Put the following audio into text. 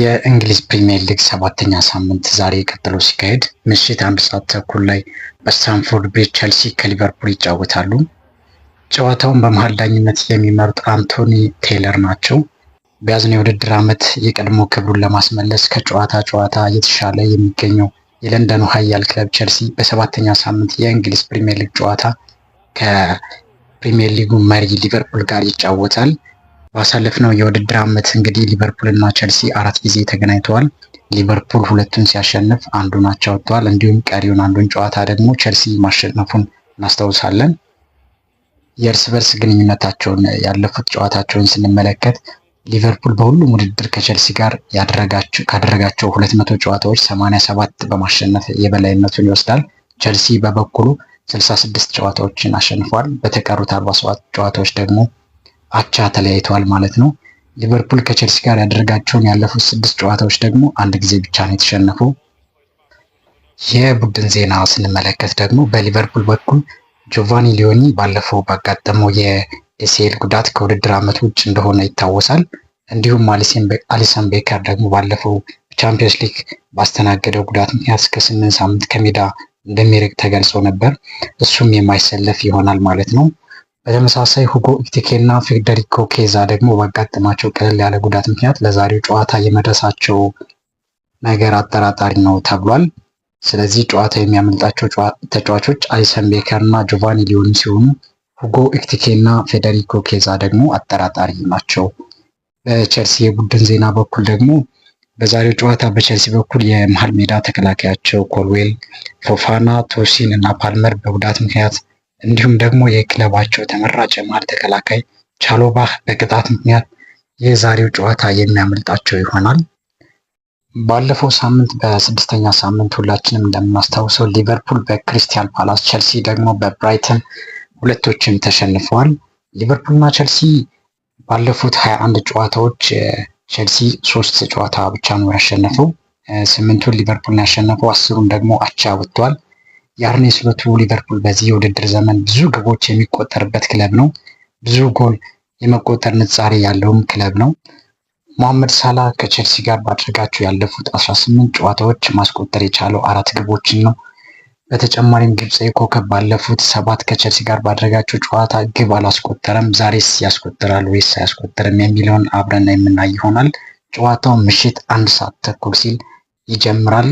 የእንግሊዝ ፕሪሚየር ሊግ ሰባተኛ ሳምንት ዛሬ ቀጥሎ ሲካሄድ ምሽት አንድ ሰዓት ተኩል ላይ በስታንፎርድ ብሪጅ ቸልሲ ከሊቨርፑል ይጫወታሉ። ጨዋታውን በመሀል ዳኝነት የሚመሩት አንቶኒ ቴይለር ናቸው። በያዝነው የውድድር ዓመት የቀድሞ ክብሩን ለማስመለስ ከጨዋታ ጨዋታ እየተሻለ የሚገኘው የለንደኑ ኃያል ክለብ ቸልሲ በሰባተኛ ሳምንት የእንግሊዝ ፕሪሚየር ሊግ ጨዋታ ከፕሪሚየር ሊጉ መሪ ሊቨርፑል ጋር ይጫወታል። ባሳለፍነው የውድድር ዓመት እንግዲህ ሊቨርፑልና ቸልሲ አራት ጊዜ ተገናኝተዋል። ሊቨርፑል ሁለቱን ሲያሸንፍ አንዱን አቻ ወጥተዋል። እንዲሁም ቀሪውን አንዱን ጨዋታ ደግሞ ቸልሲ ማሸነፉን እናስታውሳለን። የእርስ በርስ ግንኙነታቸውን ያለፉት ጨዋታቸውን ስንመለከት ሊቨርፑል በሁሉም ውድድር ከቸልሲ ጋር ካደረጋቸው ሁለት መቶ ጨዋታዎች ሰማንያ ሰባት በማሸነፍ የበላይነቱን ይወስዳል። ቸልሲ በበኩሉ ስልሳ ስድስት ጨዋታዎችን አሸንፏል። በተቀሩት አርባ ሰባት ጨዋታዎች ደግሞ አቻ ተለያይተዋል ማለት ነው። ሊቨርፑል ከቼልሲ ጋር ያደረጋቸውን ያለፉት ስድስት ጨዋታዎች ደግሞ አንድ ጊዜ ብቻ ነው የተሸነፈው። የቡድን ዜና ስንመለከት ደግሞ በሊቨርፑል በኩል ጆቫኒ ሊዮኒ ባለፈው ባጋጠመው የኤሲኤል ጉዳት ከውድድር ዓመት ውጭ እንደሆነ ይታወሳል። እንዲሁም አሊሰን ቤከር ደግሞ ባለፈው ቻምፒዮንስ ሊግ ባስተናገደው ጉዳት ምክንያት እስከ ስምንት ሳምንት ከሜዳ እንደሚርቅ ተገልጾ ነበር። እሱም የማይሰለፍ ይሆናል ማለት ነው። በተመሳሳይ ሁጎ ኢኪቲኬና ፌዴሪኮ ኬዛ ደግሞ ባጋጠማቸው ቀለል ያለ ጉዳት ምክንያት ለዛሬው ጨዋታ የመድረሳቸው ነገር አጠራጣሪ ነው ተብሏል። ስለዚህ ጨዋታ የሚያመልጣቸው ተጫዋቾች አሊሰን ቤከር እና ጆቫኒ ሊሆኑ ሲሆኑ ሁጎ ኢኪቲኬና ፌዴሪኮ ኬዛ ደግሞ አጠራጣሪ ናቸው። በቸልሲ የቡድን ዜና በኩል ደግሞ በዛሬው ጨዋታ በቸልሲ በኩል የመሀል ሜዳ ተከላካያቸው ኮልዌል፣ ፎፋና፣ ቶሲን እና ፓልመር በጉዳት ምክንያት እንዲሁም ደግሞ የክለባቸው ተመራጭ የመሃል ተከላካይ ቻሎባህ በቅጣት ምክንያት የዛሬው ጨዋታ የሚያመልጣቸው ይሆናል። ባለፈው ሳምንት በስድስተኛ ሳምንት ሁላችንም እንደምናስታውሰው ሊቨርፑል በክሪስታል ፓላስ፣ ቸልሲ ደግሞ በብራይተን ሁለቶችም ተሸንፈዋል። ሊቨርፑልና ቸልሲ ባለፉት ሀያ አንድ ጨዋታዎች ቸልሲ ሶስት ጨዋታ ብቻ ነው ያሸነፈው። ስምንቱን ሊቨርፑል ያሸነፈው፣ አስሩን ደግሞ አቻ ወጥቷል። የአርኔ ስሎቱ ሊቨርፑል በዚህ የውድድር ዘመን ብዙ ግቦች የሚቆጠርበት ክለብ ነው። ብዙ ጎል የመቆጠር ንጻሬ ያለውም ክለብ ነው። ሞሐመድ ሳላ ከቼልሲ ጋር ባደረጋቸው ያለፉት 18 ጨዋታዎች ማስቆጠር የቻለው አራት ግቦችን ነው። በተጨማሪም ግብፃዊ ኮከብ ባለፉት ሰባት ከቼልሲ ጋር ባደረጋቸው ጨዋታ ግብ አላስቆጠረም። ዛሬስ ያስቆጠራል ወይስ አያስቆጠርም የሚለውን አብረን የምናይ ይሆናል። ጨዋታው ምሽት አንድ ሰዓት ተኩል ሲል ይጀምራል።